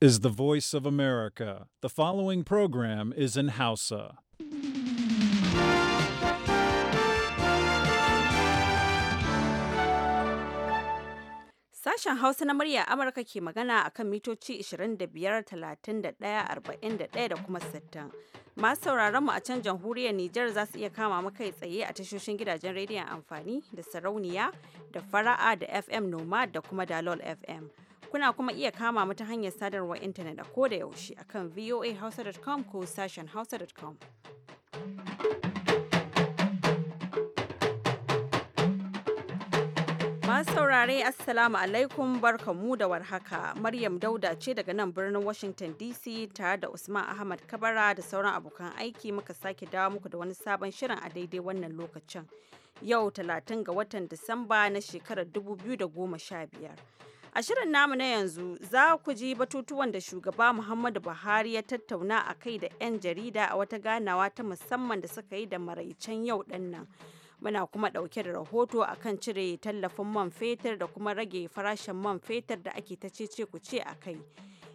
is the voice of America. The following program is in Hausa. Sashen Hausa na murya Amurka ke magana a kan mitoci 25, 31, 41 da kuma 60. Masu sauraron mu a can jamhuriyar Nijar za su iya kama makai tsaye a tashoshin gidajen rediyon amfani da sarauniya da fara'a da FM Noma da kuma Dalol FM. Kuna kuma iya kama mu ta hanyar sadarwar intanet a koda yaushe akan voahausa.com ko sashen hausa.com. Masu saurare Assalamu alaikum barkamu da warhaka. Maryam Dauda ce daga nan birnin Washington DC tare da Usman Ahmad Kabara da sauran abokan aiki muka sake dawo muku da wani sabon shirin a daidai wannan lokacin. Yau 30 ga watan Disamba na shekarar 2015. A shirin namu na yanzu za ku ji batutuwan da shugaba Muhammadu Buhari ya tattauna a kai da 'yan jarida a wata ganawa ta musamman da suka yi da maraicen yau nan Muna kuma ɗauke da rahoto a kan cire tallafin man fetur da kuma rage farashin man fetur da ake ta cece ku ce a kai.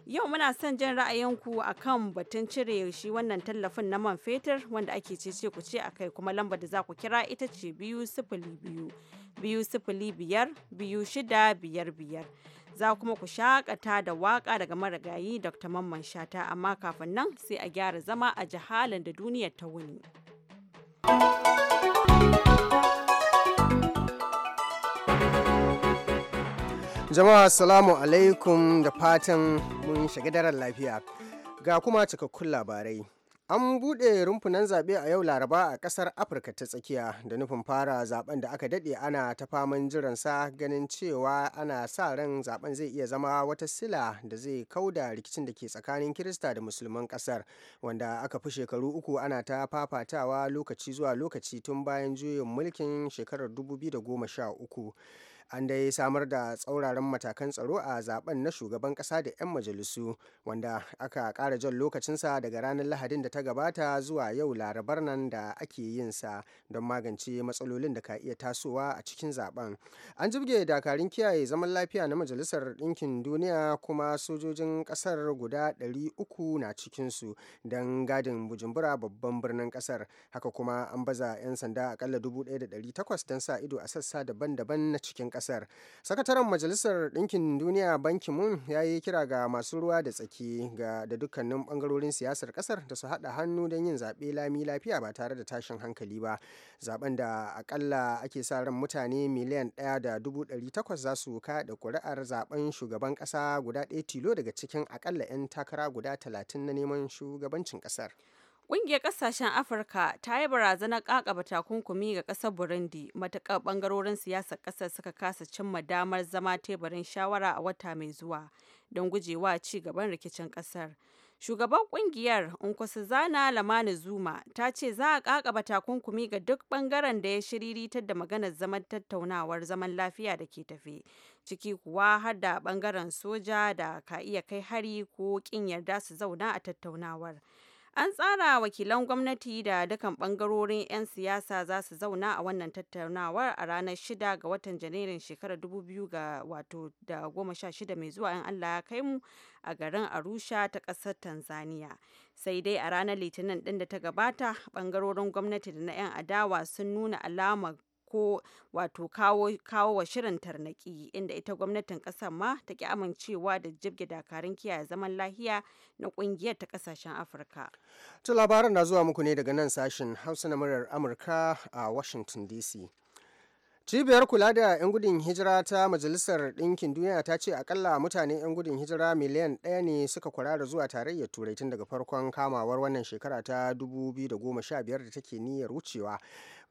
Yau muna son jin ra'ayinku a kan batun cire shi wannan tallafin na man fetur wanda ake cece ku ce a kai kuma lambar da za ku kira ita ce biyu sifili biyu biyu sifili biyar biyu shida biyar biyar. za kuma ku shakata da waka daga marigayi Dr. Mamman Shata amma kafin nan sai a gyara zama a jihalin da duniyar ta wuni. Jama'a salamu alaikum da fatan mun shiga daren lafiya ga kuma cikakkun labarai. An buɗe rumfunan zaɓe a yau Laraba a ƙasar Afirka ta tsakiya da nufin fara zaben da aka daɗe ana ta faman jiran sa ganin cewa ana sa ran zaben zai iya zama wata sila da zai kauda rikicin da ke tsakanin Kirista da Musulman ƙasar wanda aka fi shekaru uku ana ta fafatawa lokaci zuwa lokaci tun bayan juyin mulkin shekarar 2013. an dai samar da tsauraran matakan tsaro a zaben na shugaban kasa da 'yan majalisu wanda aka ƙara jan lokacinsa daga ranar lahadin da ta gabata zuwa yau larabar nan da ake yin sa don magance matsalolin da ka iya tasowa a cikin zaben an jibge dakarun kiyaye zaman lafiya na majalisar ɗinkin duniya kuma sojojin ƙasar guda 300 na cikinsu don gadin bujumbura babban birnin ƙasar haka kuma an baza 'yan sanda akalla 1,800 don sa ido a sassa daban-daban na cikin ƙasar kasar sakataren majalisar ɗinkin duniya banki mun ya yi kira ga masu ruwa da tsaki ga da dukkanin bangarorin siyasar kasar da su haɗa hannu don yin zaɓe lami lafiya ba tare da tashin hankali ba zaɓen da akalla ake sa ran mutane miliyan ɗaya da dubu ɗari takwas za su kaɗa ƙuri'ar zaɓen shugaban ƙasa guda ɗaya tilo daga cikin akalla 'yan takara guda talatin na neman shugabancin ƙasar. Ƙungiyar ƙasashen Afirka ta yi barazanar ƙaƙaba takunkumi ga ƙasar Burundi matuƙar ɓangarorin siyasar ƙasar suka kasa cimma damar zama teburin shawara a wata mai zuwa don gujewa ci gaban rikicin ƙasar. Shugaban ƙungiyar Nkosazana Lamani Zuma ta ce za a ƙaƙaba takunkumi ga duk ɓangaren da ya shiriritar da maganar zaman tattaunawar zaman lafiya da ke tafe, ciki kuwa har da ɓangaren soja da ka iya kai hari ko ƙin yarda su zauna a tattaunawar. An tsara wakilan gwamnati da dukan bangarorin 'yan siyasa za su zauna a wannan tattaunawar a ranar 6 ga watan Janairun shekarar 2016 mai zuwa in Allah ya kai mu a garin Arusha ta ƙasar Tanzania. Sai dai a ranar Litinin ɗin da ta gabata, bangarorin gwamnati da na 'yan adawa sun nuna alamar ko wato kawo wa shirin tarnaki inda ita gwamnatin kasar ma ta ki amincewa da jibge dakarun kiyaye zaman lahiya na kungiyar ta kasashen Afirka. ta labaran na zuwa muku ne daga nan sashen Hausa na murar Amurka a Washington DC. Cibiyar kula da 'yan gudun hijira ta Majalisar Ɗinkin Duniya ta ce akalla mutane 'yan gudun hijira miliyan ɗaya ne suka kwarara zuwa tarayyar Turai tun daga farkon kamawar wannan shekara ta 2015 da take niyyar wucewa.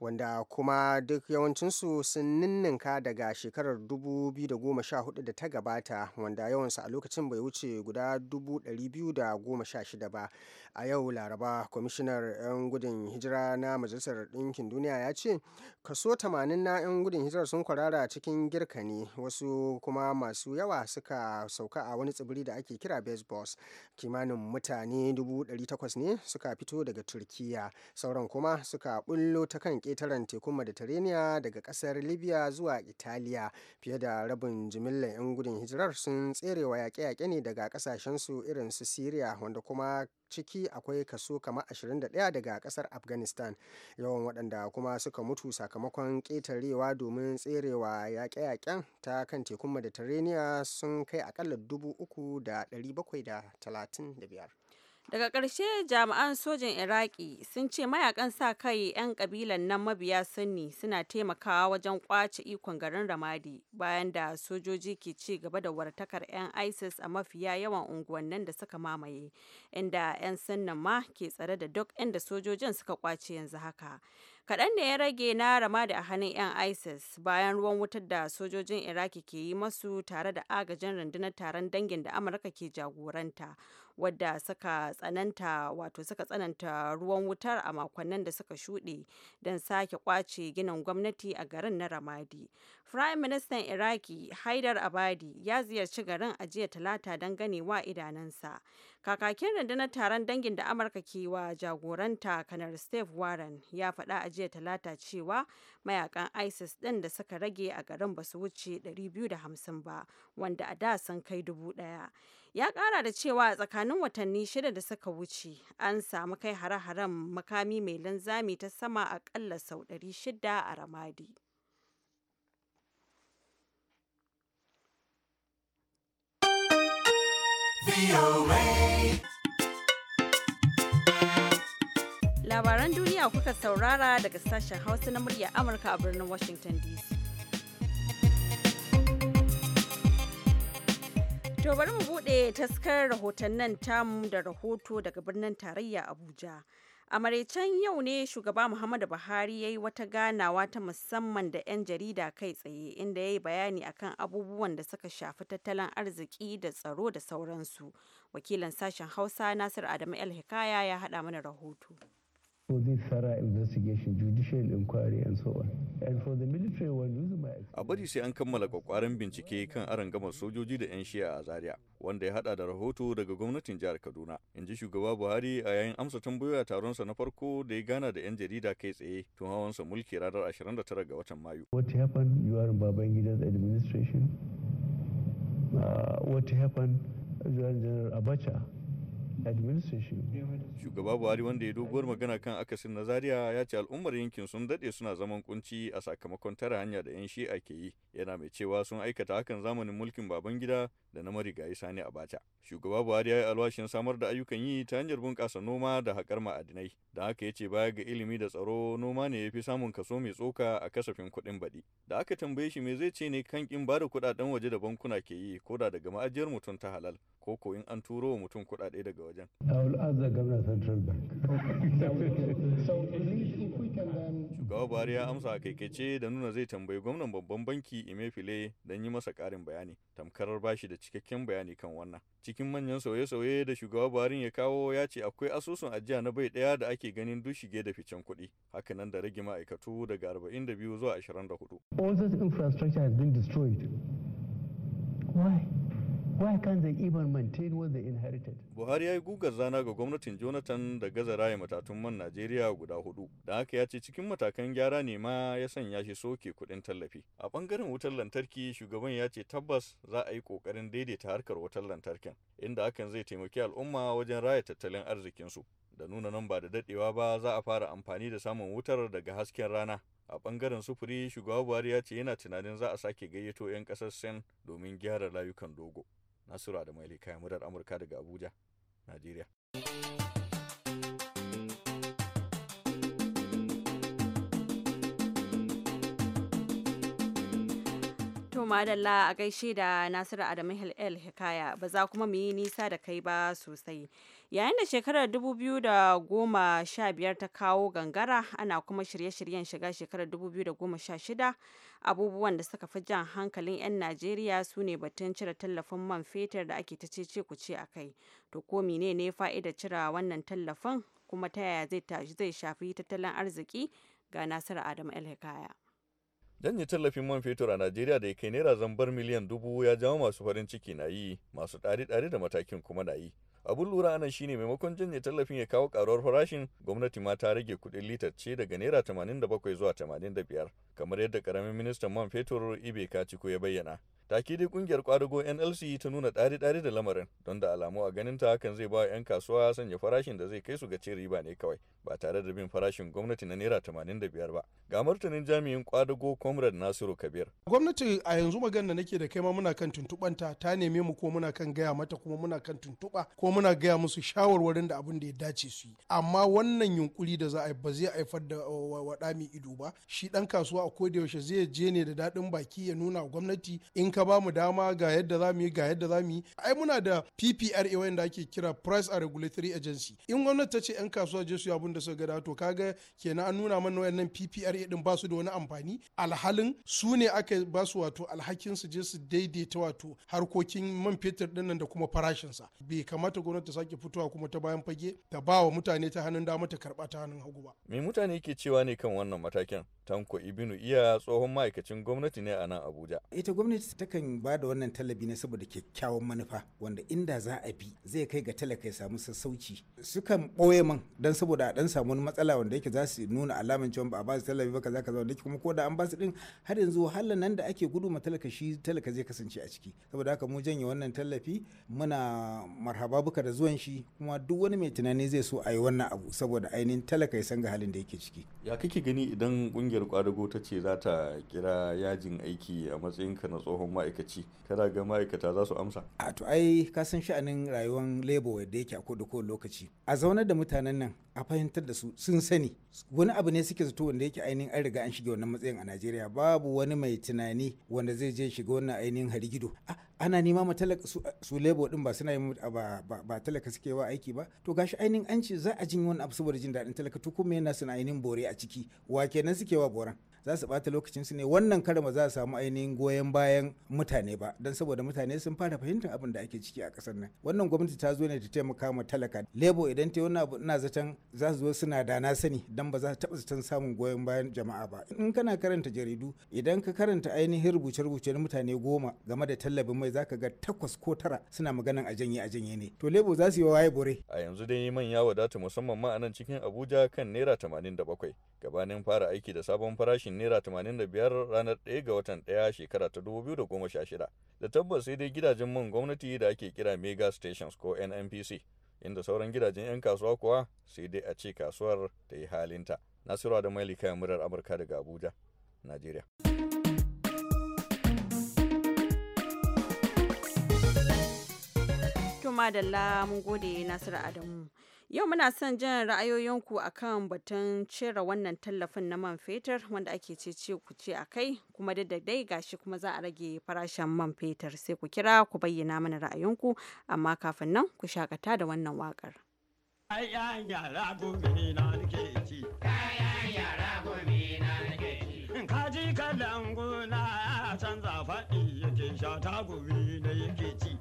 wanda kuma duk yawancinsu sun ninninka daga shekarar 2014 da ta gabata wanda yawansu a lokacin bai wuce guda 216 ba a yau laraba kwamishinar 'yan gudun hijira na majalisar ɗinkin duniya ya ce kaso 80 na 'yan gudun hijira sun kwarara cikin girka ne wasu kuma masu yawa suka sauka a wani tsibiri da ake kira bezbos kimanin mutane 800 ne suka fito daga turkiya sauran kuma suka bullo ta kan ƙetaren tekun mediterania daga ƙasar libya zuwa italiya fiye da rabin jimillar 'yan gudun hijirar sun tserewa yaƙe-yaƙe ne daga ƙasashensu irin su syria wanda kuma ciki akwai kaso kama 21 daga ƙasar afghanistan yawan waɗanda kuma suka mutu sakamakon ƙetarewa domin tserewa yaƙe-yaƙen ta kan tekun mediterania sun kai akalla biyar. Daga ƙarshe jami'an sojin Iraki sun ce mayakan sa kai 'yan ƙabilan nan mabiya sunni suna taimakawa wajen kwace ikon garin Ramadi bayan da sojoji ke ci gaba da wartakar 'yan ISIS a mafiya yawan unguwannin da suka mamaye, inda 'yan sunnan ma ke tsare da duk inda sojojin suka kwace yanzu haka. kaɗan da ya rage na ramadi a hannun 'yan isis bayan ruwan wutar da sojojin iraki ke yi masu tare da agajin rundunar taron dangin da amurka ke jagoranta wadda suka tsananta wato suka tsananta ruwan wutar a makonnin da suka shuɗe don sake kwace ginin gwamnati a garin na ramadi firayim ministan iraki haidar abadi ya ziyarci garin a jiya talata don ganewa idanunsa kakakin rundunar taron dangin da amurka ke wa jagoranta kanar steve warren ya faɗa a jiya talata cewa mayakan isis ɗin da suka rage a garin ba su wuce 250 ba wanda a da sun kai dubu ɗaya ya kara da cewa a tsakanin watanni shida da suka wuce an samu kai hare-haren makami mai linzami ta sama akalla sau 600 a ramadi labaran duniya kuka saurara daga sashen hausa na murya amurka a birnin washington dc To bari mu buɗe taskar rahotannin tamu da rahoto daga birnin tarayya Abuja. A maraicen yau ne shugaba Muhammadu Buhari ya yi wata ganawa ta musamman da 'yan jarida kai tsaye inda ya yi bayani akan abubuwan da suka shafi tattalin arziki da tsaro da sauransu. Wakilan sashen Hausa Nasir Adamu El Hikaya ya haɗa mana rahoto. A bari sai an kammala kwakwaran bincike kan arangamar sojoji da 'yan shiya a Zaria, wanda ya hada da rahoto daga gwamnatin jihar Kaduna. In ji shugaba Buhari a yayin amsa tambayoyi a taronsa na farko da ya gana da 'yan jarida kai tsaye tun hawansa mulki ranar 29 ga watan Mayu. What uh, Abacha. Shugaba Buhari wanda ya doguwar magana kan akasin na Zaria ya ce al'ummar yankin sun dade suna zaman kunci a sakamakon tara hanya da 'yan shi'a ke yi. Yana mai cewa sun aikata hakan zamanin mulkin Babangida da na marigayi Sani a Abacha. Shugaba Buhari ya yi alwashin samar da ayyukan yi ta hanyar bunƙasa noma da haƙar ma'adinai. Da haka ya ce baya ga ilimi da tsaro noma ne ya fi samun kaso mai tsoka a kasafin kuɗin baɗi. Da aka tambaye shi me zai ce ne kan ƙin bada kuɗaɗen waje da bankuna ke yi ko da daga ma'ajiyar mutum ta halal. ko ko in an turo mutum kuɗaɗe daga wajen. Shugaba Buhari ya amsa a da nuna zai tambayi gwamnan babban banki Emefiele don yi masa ƙarin bayani, tamkarar bashi da cikakken bayani kan wannan. Cikin manyan sauye-sauye da shugaba Buhari ya kawo ya ce akwai asusun ajiya na bai ɗaya da ake ganin duk shige da ficen kuɗi, hakanan da rage ma'aikatu daga 42 zuwa 24. All this infrastructure has been destroyed. Why? why can't they even maintain what inherited? Buhari ya yi gugar zana ga gwamnatin Jonathan da gaza raya matatun man Najeriya guda hudu. Da haka ya ce cikin matakan gyara ne ma ya sanya shi soke kuɗin tallafi. A ɓangaren wutar lantarki shugaban ya ce tabbas za a yi ƙoƙarin daidaita harkar wutar lantarkin inda hakan zai taimaki al'umma wajen raya tattalin arzikinsu. Da nuna nan ba da daɗewa ba za a fara amfani da samun wutar daga hasken rana a bangaren sufuri shugaba buhari ya ce yana tunanin za a sake gayyato 'yan kasar sen domin gyara layukan dogo Nasiru Adamu Eli kayan murar Amurka daga Abuja, Najeriya. To madalla a gaishe da Nasiru Adamu El Hikaya ba za kuma mu yi nisa da kai ba sosai. Yayin da shekarar biyar ta kawo gangara ana kuma shirye-shiryen shiga shekarar da shida abubuwan da suka fi jan hankalin 'yan Najeriya su ne batun cire tallafin man fetur da ake ta cece ku ce a kai. To ko mene ne fa'idar cire wannan tallafin kuma ta yaya zai shafi tattalin arziki ga Nasiru Adamu El Hikaya. Janye tallafin man fetur a Najeriya da ya kai naira zambar miliyan dubu ya jawo masu farin ciki na yi, masu ɗari-ɗari da matakin kuma na yi. Abun lura anan shine maimakon janye tallafin ya kawo karuwar farashin, gwamnati ma ta rage kuɗin litar ce daga naira tamanin da bakwai zuwa tamanin da biyar kamar yadda karamin ministan man fetur Ibe Kaciko ya bayyana. Take dai kungiyar kwadago NLC ta nuna ɗari-ɗari da lamarin don da alamu a ganin ta hakan zai ba 'yan kasuwa sanya farashin da zai kai su ga cin riba ne kawai ba tare da bin farashin gwamnati na naira tamanin da biyar ba. Ga martanin jami'in kwadago Comrade Nasiru Kabir. Gwamnati a yanzu magana nake da kai ma muna kan tuntuɓanta ta neme mu ko muna kan gaya mata kuma muna kan tuntuɓa ko muna gaya musu shawarwarin da abin da ya dace su yi. Amma wannan yunkuri da za a yi ba zai haifar da uh, waɗami ido ba. Shi dan kasuwa a da yaushe zai je ne da daɗin baki ya nuna gwamnati in ka ba mu dama ga yadda za mu yi ga yadda za mu yi ai muna da PPRA wanda ake kira Price and Regulatory Agency in gwamnati ta ce yan kasuwa je su yi abin da suka gada to kaga kenan an nuna mana wayannan PPRA din ba su da wani amfani alhalin su ne aka ba su wato alhakin su je su daidaita wato harkokin man fetur dinnan da kuma farashin sa bai kamata gwamnati ta sake fitowa kuma ta bayan fage ta ba wa mutane ta hannun dama ta karba ta hannun hagu ba me mutane ke cewa ne kan wannan matakin Tanko Ibinu Iya tsohon ma'aikacin gwamnati ne a nan Abuja. Ita gwamnati takan ba da wannan tallafi ne saboda kyakkyawan manufa wanda inda za a bi zai kai ga talaka ya samu sassauci. Sukan ɓoye man don saboda a ɗan samu wani matsala wanda yake za su nuna alaman cewa ba a ba su tallafi ba kaza kaza wanda kuma ko da an ba su ɗin har yanzu wahala nan da ake gudu ma talaka shi talaka zai kasance a ciki. Saboda haka mu janye wannan tallafi muna marhaba buka da zuwan shi kuma duk wani mai tunani zai so a yi wannan abu saboda ainihin talaka ya san ga halin da yake ciki. Ya kake gani idan kungiyar kungiyar kwadago ta ce za ta kira yajin aiki a matsayinka na tsohon ma'aikaci kada ga ma'aikata za su amsa a to ai ka san sha'anin rayuwar lebo da yake a koda ko lokaci a zaunar da mutanen nan a fahimtar da su sun sani wani abu ne suke zato wanda yake ainihin an riga an shiga wannan matsayin a najeriya babu wani mai tunani wanda zai je shiga wannan ainihin harigido ana nema ma talaka su lebo din ba suna yi ba talaka suke wa aiki ba to gashi ainihin an ce za a jin wani abu saboda jin daɗin talaka to kuma yana suna ainihin bore a ciki wa kenan suke wa boran za su bata lokacin su ne wannan karin ba za su samu ainihin goyon bayan mutane ba don saboda mutane sun fara fahimtar abin da ake ciki a kasar nan wannan gwamnati ta zo ne ta taimaka ma talaka lebo idan ta wani abu ina zaton za su zo suna da na sani don ba za ta taɓa zaton samun goyon bayan jama'a ba in kana karanta jaridu idan ka karanta ainihin rubuce-rubuce mutane goma game da tallafin mai zaka ga takwas ko tara suna maganan a janye a janye ne to lebo za su yi waye bore a yanzu dai manya wadata musamman ma a nan cikin abuja kan naira 87 gabanin fara aiki da sabon farashi farashin naira 85 ranar 1 ga watan 1 shekara ta 2016 da tabbas sai dai gidajen man gwamnati da ake kira mega stations ko nnpc inda sauran gidajen 'yan kasuwa kuwa sai dai a ce kasuwar ta yi halinta nasiru da mailika murar amurka daga abuja nigeria. mun gode nasiru adamu Yau muna son jin ra'ayoyinku akan batun cire wannan tallafin na man fetur wanda ake ce ku ce a kai kuma da dai gashi kuma za a rage farashin man fetur sai ku kira ku bayyana mana ra'ayinku amma kafin nan ku shakata da wannan wakar Kayan yara na Kaji na canza faɗi yake sha ta gobe na yake ci.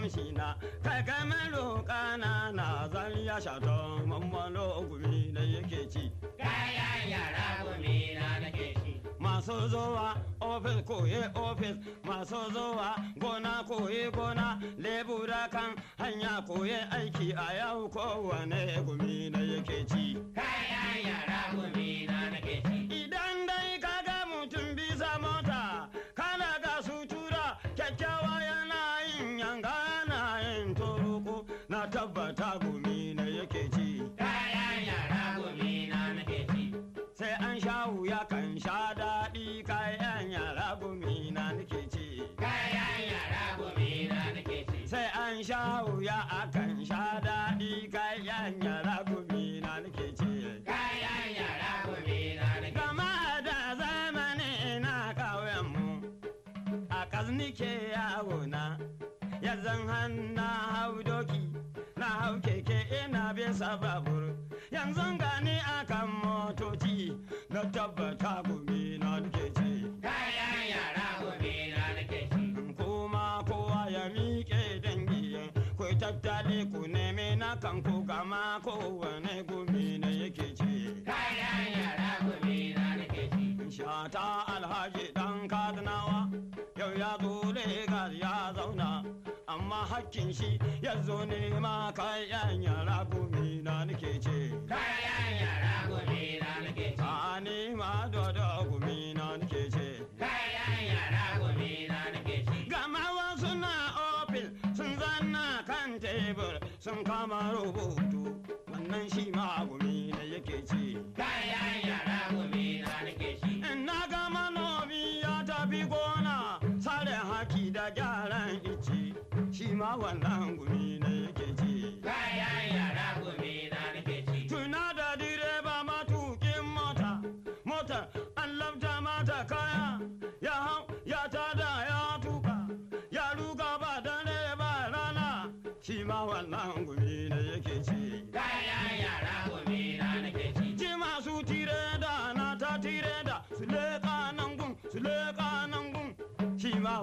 amshina kaga maro kana na zan ya shato mammalo gumi na yake ci kaya yara gumi na nake ci masu zuwa ofis koye ofis maso zuwa gona koye gona lebura kan hanya koye aiki a yau kowane gumi na yake ci kaya yara gumi na nake ci an sha wuya akan sha daɗi kayan yara gumi na nake ce. Kayan yara gumi na nake Gama da zamani na mu a ƙaznike yawo na yanzan na hau doki na hau keke ina bisa babur yanzu gani akan motoci na tabbata. kowane gumi na yake ce. yara Shata alhaji dan kadnawa yau ya zo Legas ya zauna amma hakkin shi ya zo nema kayan yara gumi na Kayan yara gumi na nake ce. A nema dodo yara gumi na nake ce. Gama wasu na opil sun zanna kan tebur sun kama rubutu. nan shi ma gumi na yake ci kayan yara gumi na nake shi na ga manomi ya tafi gona sare haki da gyaran ici shi ma wannan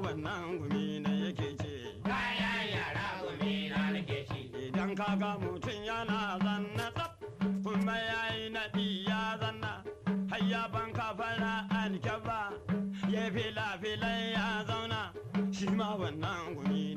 wannan gumi na yake ce kayan yara gumi na nake ci idan kaga mutum yana zanna tsaf kuma yayi naɗi ya zanna har ya banka fara alkyaba ya fila filan ya zauna shi ma wannan gumi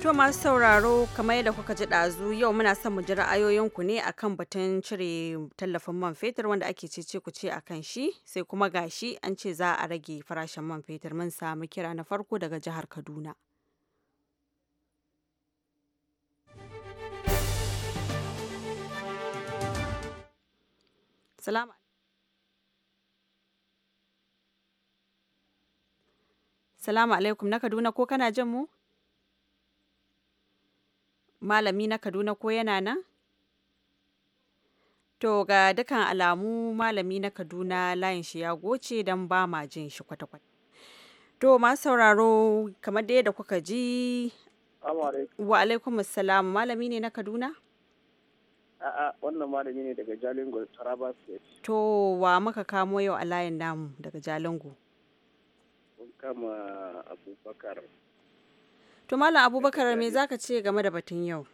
To masu sauraro kamar yadda kuka ji ɗazu yau muna son mu ji ra'ayoyinku ne akan batun cire tallafin man fetur wanda ake ce ku ce akan shi sai kuma gashi an ce za a rage farashin man fetur mun samu kira na farko daga jihar Kaduna. Salama. Salamu alaikum na Kaduna ko kana jin mu? malami na Kaduna ko yana nan? To ga dukan alamu malami na Kaduna layin shi ya goce don ba ma jin shi kwata-kwata. To masu sauraro kamar da yadda kuka ji wa alaikum salam malami ne na Kaduna? A'a wannan malami ne daga Jalingo Taraba State. To wa muka kamo yau a layin namu daga Jalingo? kama Abubakar to malam abubakar me zaka ce game da batun yau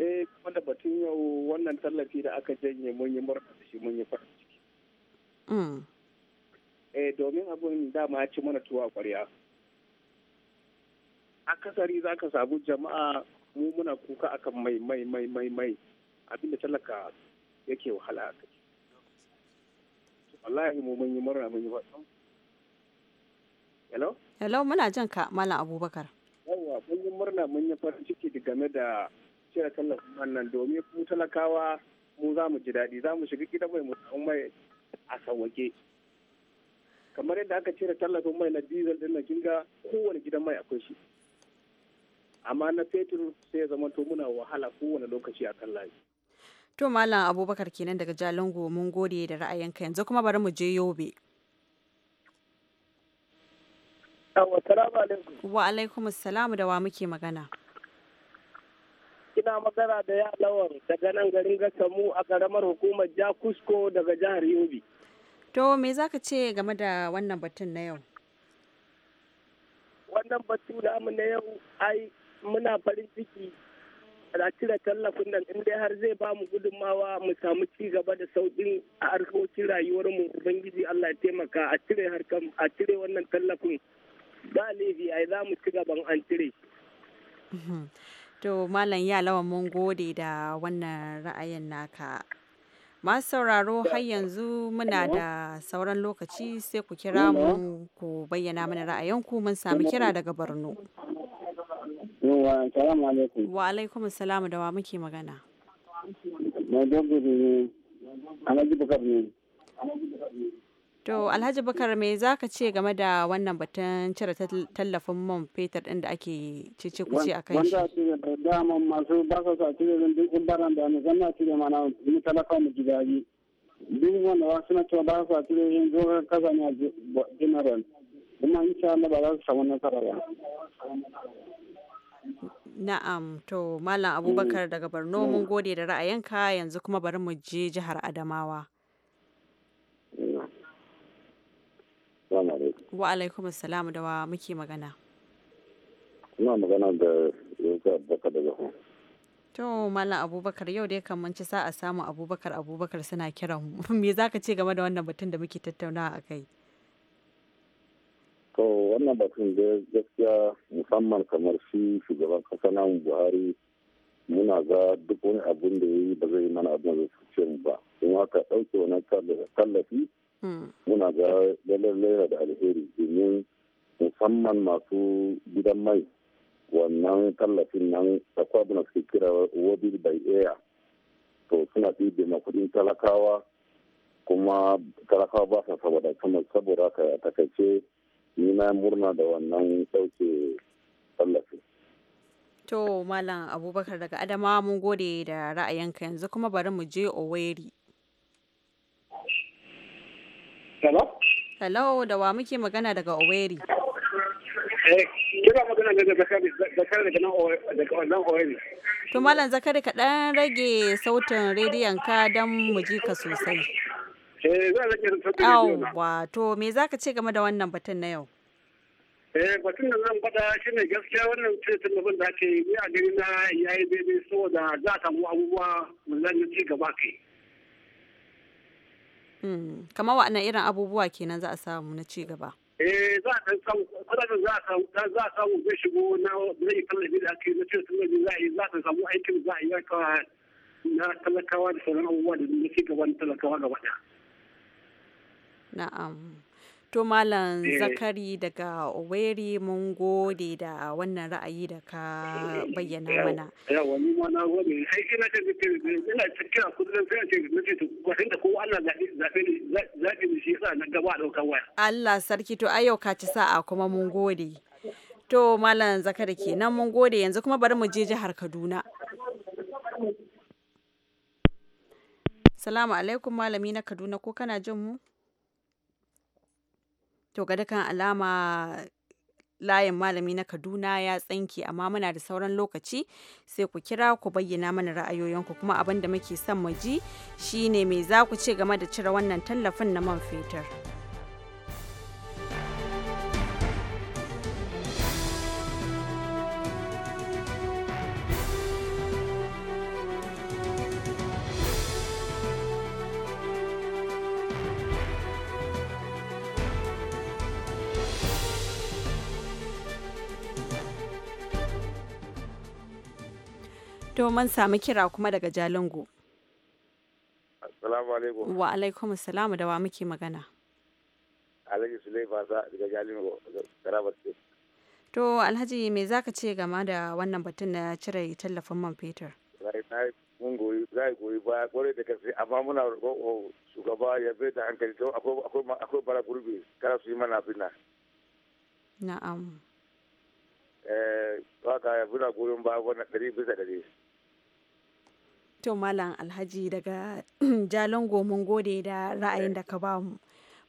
eh game da batun yau wannan tallafi da aka janye mun yi murna da shi mun yi farin ciki mm. eh domin abin dama ya ci mana tuwa kwarya akasari za ka samu jama'a mu muna kuka akan mai mai mai mai mai abinda talaka yake wahala a kai wallahi mu mun yi murna mun yi hello Hello, muna jin ka Malam Abubakar. Yawwa, mun yi murna mun yi farin ciki game da cire tallafin wannan domin mu talakawa mu za mu ji daɗi za mu shiga gidan mai mu mai a sauwake. Kamar yadda aka cire tallafin mai na diesel din na kinga kowane gidan mai akwai shi. Amma na fetur sai ya zama to muna wahala kowane lokaci a kan layi. To Malam Abubakar kenan daga Jalingo mun gode da ra'ayinka yanzu kuma bari mu je Yobe. Wa alaikum da wa muke magana. Ina magana da ya lawar daga nan garin mu a karamar hukumar Jakusko daga jihar Yobe. To me za ka ce game da wannan batun na yau? Wannan batu da mu na yau ai muna farin ciki a cire tallafin nan in dai har zai ba mu gudunmawa mu samu ci gaba da sauƙin a harkokin rayuwarmu ubangiji Allah ya taimaka a cire wannan tallafin ba laifi ai za mu ci gaban an cire mhm. to malam ya lawan mun gode da wannan ra'ayin naka masu sauraro har yanzu muna da sauran lokaci sai ku kira mu ku bayyana mana ra'ayinku mun sami kira daga borno wa alaikum salamu da wa muke magana bukar ne To Alhaji Bakar me za ka ce game da wannan batun cire tallafin man fetur ɗin da ake cece kuce a kai shi? Wanda daman masu ba sa sa cire zan duk baran da na cire mana mu talaka mu gidaji. Duk wanda ba suna cewa ba sa cire zan zo kasa ne a general. Kuma sha Allah ba za su samu nasara ba. Na'am, to Malam Abubakar daga Borno mun gode da ra'ayinka yanzu kuma bari mu je jihar Adamawa. Wa alaikum salam da wa muke magana. Ina magana da Yauka Abubakar daga Hon. To Malam Abubakar yau dai kan manci sa a samu Abubakar Abubakar suna kiran me ka ce game da wannan batun da muke tattaunawa a kai? To wannan batun da gaskiya musamman kamar shi shugaban kasa namu Buhari muna ga duk wani abun da ya yi ba zai mana abin da mu ba. kuma ka ɗauke wani tallafi muna ga lallai da alheri domin musamman masu gidan mai wannan tallafin nan da kwabuna suke kira wabi bai air to suna ɗibe na kuɗin talakawa kuma talakawa ba sa saboda kuma saboda haka takaice ni na murna da wannan ɗauke tallafi. To Malam Abubakar daga adama mun gode da ra'ayinka yanzu kuma bari mu je Oweri. Hello? Hello, da wa muke magana daga Oweri? Eh, Kira magana daga Zakari, daga nan Oweri. To Malam Zakari ka dan rage sautin rediyon ka don mu ji ka sosai. Eh, rage sautin rediyon Wato, me za ka ce game da wannan batun na yau? Eh, batun da zan faɗa shi ne gaskiya wannan cikin abin da ake yi a gani na yayi daidai saboda za a samu abubuwa mu zan ci gaba kai. Mm. kamar waɗannan irin abubuwa kenan za a samu na ci gaba eh za a samu kwanan za a samu za a samu zai shigo na zai tallafi da ake na cin tallafi za a yi za a samu aikin za a yi na talakawa da sauran abubuwa da na ci gaban talakawa gaba ɗaya na'am To Malam eh. Zakari daga Oweri mun gode da wannan ra'ayi da ka bayyana mana. Yawa ni ma na gode. Ai ina ta ina ta kira kullum sai ce nace to kwatin da kowa Allah zabe zabe zabe shi yasa na gaba daukar waya. Allah sarki to ai yau ka ci sa'a kuma mun gode. To Malam Zakari kenan mun gode yanzu kuma bari mu je jihar Kaduna. Salamu alaikum malami na Kaduna ko kana jin mu? To ga dukkan alama layin malami na Kaduna ya tsinke amma muna da sauran lokaci sai ku kira ku bayyana mana ra'ayoyinku kuma abin da muke son mu ji shine me za ku ce game da cire wannan tallafin na man fetur. To sami kira kuma daga Jalingo. Assalamu alaikum. Wa alaikum assalamu da wa muke magana. Alhaji Fasa daga Jalingo Taraba To Alhaji me zaka ce game da wannan batun na cire tallafin man fetur? mun goyi za a goyi baya kwarai da kasi amma muna roƙo shugaba ya bai da hankali to akwai bara gurbi kara su yi mana fina. Na'am. Eh, ka ya na goyon ba wannan ɗari bisa ɗari. To Malam Alhaji daga Jalango mun gode da ra'ayin da ka ba mu.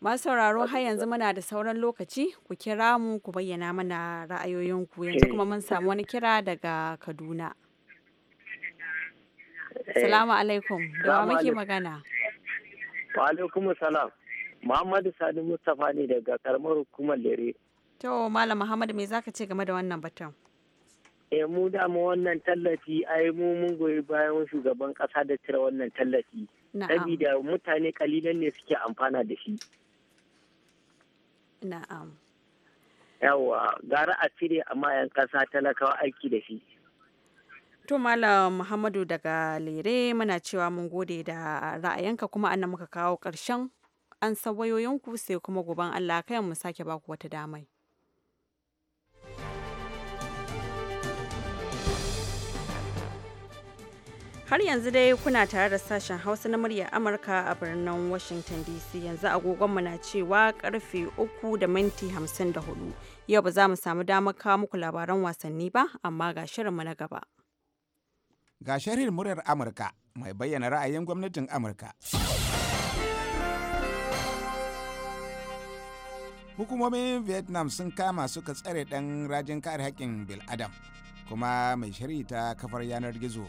Masu sauraro har yanzu muna da sauran lokaci ku kira mu ku bayyana mana ra'ayoyinku yanzu kuma mun samu wani kira daga Kaduna. Salamu alaikum, da wa muke magana? Wa alaikum salam. Muhammadu Sani Mustapha ne daga karamar hukumar Lere. To Malam Muhammad me zaka ce game da wannan batun? eh mu dama wannan tallafi ai mu mun goyi bayan shugaban kasa da cire wannan tallafi saboda mutane kalilan ne suke amfana da shi na'am yawa gara a cire amma yan kasa talakawa aiki da shi to malam muhammadu daga lere muna cewa mun gode da ra'ayinka kuma annan muka kawo ƙarshen an san wayoyinku sai kuma goban allah kai mu sake baku wata damai Har yanzu dai kuna tare da sashen Hausa na murya Amurka a birnin Washington DC yanzu agogonmu na cewa karfe 3 da minti 54. Yau ba za mu samu damar kawo muku labaran wasanni ba, amma ga shirinmu na gaba. Ga shirin muryar Amurka mai bayyana ra'ayin gwamnatin Amurka. Hukumomin Vietnam sun kama suka tsare ɗan rajin kare haƙƙin bil'adam kuma mai shari'a ta kafar yanar gizo.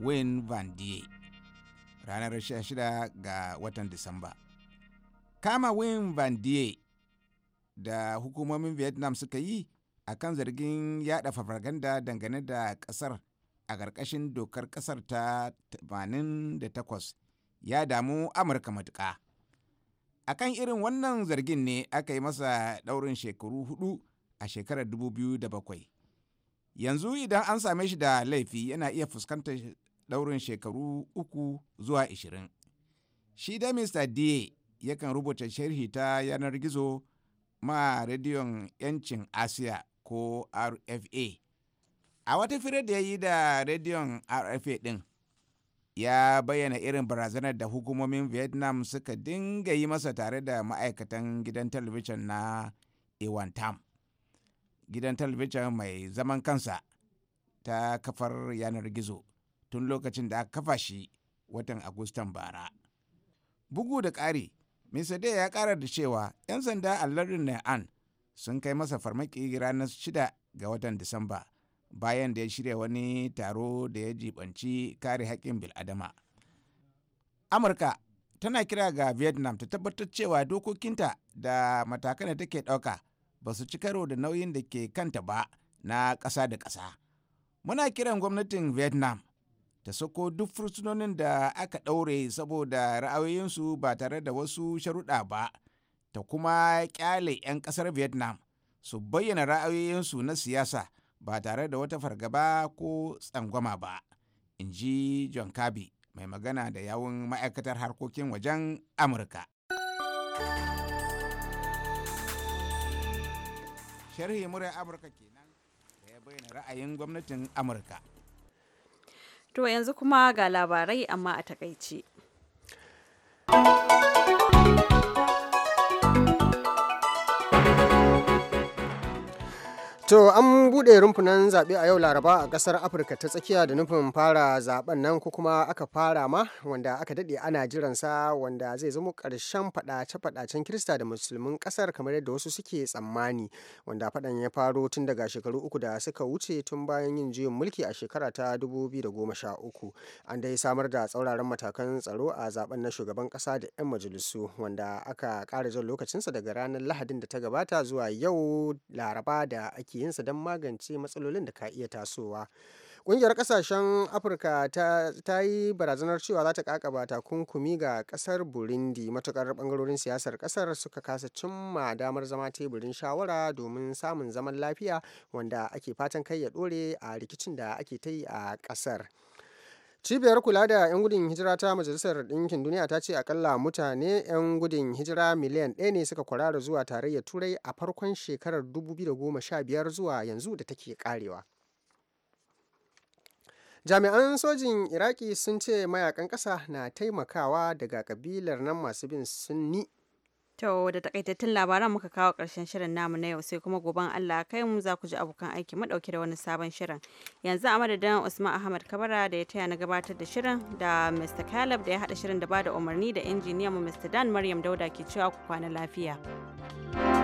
wayne van die ranar 16 ga watan disamba kama wayne van die da hukumomin vietnam suka yi a kan zargin yada farfaganda dangane da kasar a ƙarƙashin dokar kasar ta 88 ya damu amurka matuƙa a kan irin wannan zargin ne aka yi masa ɗaurin shekaru hudu a shekarar 2007 yanzu idan an same shi da laifi yana iya fuskantar ɗaurin shekaru uku zuwa ishirin. Shi da Mr. D yakan rubuta sharhi ta yanar gizo ma rediyon 'yancin Asiya ko RFA. A wata fira da ya yi da rediyon RFA ɗin, ya bayyana irin barazanar da hukumomin Vietnam suka dinga yi masa tare da ma'aikatan gidan talabijin na Iwantam. Gidan talabijin mai zaman kansa ta kafar yanar gizo. tun lokacin da aka kafa shi watan Agustan bara. Bugu da ƙari, Misade ya ƙara da cewa 'yan sanda a lardin Na'an sun kai masa farmaki ranar shida ga watan Disamba bayan da ya shirya wani taro da ya jibanci kare haƙƙin bil'adama. Amurka tana kira ga Vietnam ta tabbatar cewa dokokinta da matakan da take ɗauka ba su ci karo da nauyin da ke kanta ba na ƙasa da ƙasa. Muna kiran gwamnatin Vietnam ta sako duk fursunonin da aka ɗaure saboda ra'ayoyinsu ba tare da wasu sharuɗa ba ta kuma ƙyale 'yan ƙasar vietnam su bayyana ra'ayoyinsu na siyasa ba tare da wata fargaba ko tsangwama ba in ji john kabi mai magana da yawun ma'aikatar harkokin wajen amurka sharhi murar amurka kenan da ya bayyana ra'ayin gwamnatin amurka To yanzu kuma ga labarai amma a takaice. To an buɗe rumfunan zaɓe a yau Laraba a ƙasar Afirka ta tsakiya da nufin fara zaɓen nan ko kuma aka fara ma wanda aka daɗe ana jiransa wanda zai zama ƙarshen faɗace-faɗacen Kirista da Musulmin ƙasar kamar yadda wasu suke tsammani wanda faɗan ya faro tun daga shekaru uku da suka wuce tun bayan yin juyin mulki a shekara ta 2013. An dai samar da tsauraran matakan tsaro a zaɓen na shugaban ƙasa da 'yan majalisu wanda aka ƙara jan lokacinsa daga ranar Lahadin da ta gabata zuwa yau Laraba da ake ake don magance matsalolin da ka iya tasowa ƙungiyar ƙasashen afirka ta yi barazanar cewa za ta kakaba takunkumi ga ƙasar burundi matukar ɓangarorin siyasar ƙasar suka kasa cimma damar zama teburin shawara domin samun zaman lafiya wanda ake fatan kai ya ɗore a rikicin da ake ta yi a ƙasar. Cibiyar Kula da 'Yan Gudun Hijira ta Majalisar Ɗinkin Duniya ta ce akalla mutane 'yan gudun hijira miliyan ɗaya ne suka kwarara zuwa tarayyar Turai a farkon shekarar 2015 zuwa yanzu da take karewa. jami'an sojin iraki sun ce mayakan ƙasa na taimakawa daga kabilar nan masu bin sunni To da takaitattun labaran muka kawo karshen shirin namu na yau sai kuma goben Allah kai mu za ku ji abokan aiki mu dauke da wani sabon shirin. Yanzu a madadin Usman Ahmad Kabara da ya taya na gabatar da shirin da Mr. Caleb da ya haɗa shirin da ba da umarni da injiniyan mu Mr. Dan Maryam Dauda ke cewa ku kwana lafiya. thank you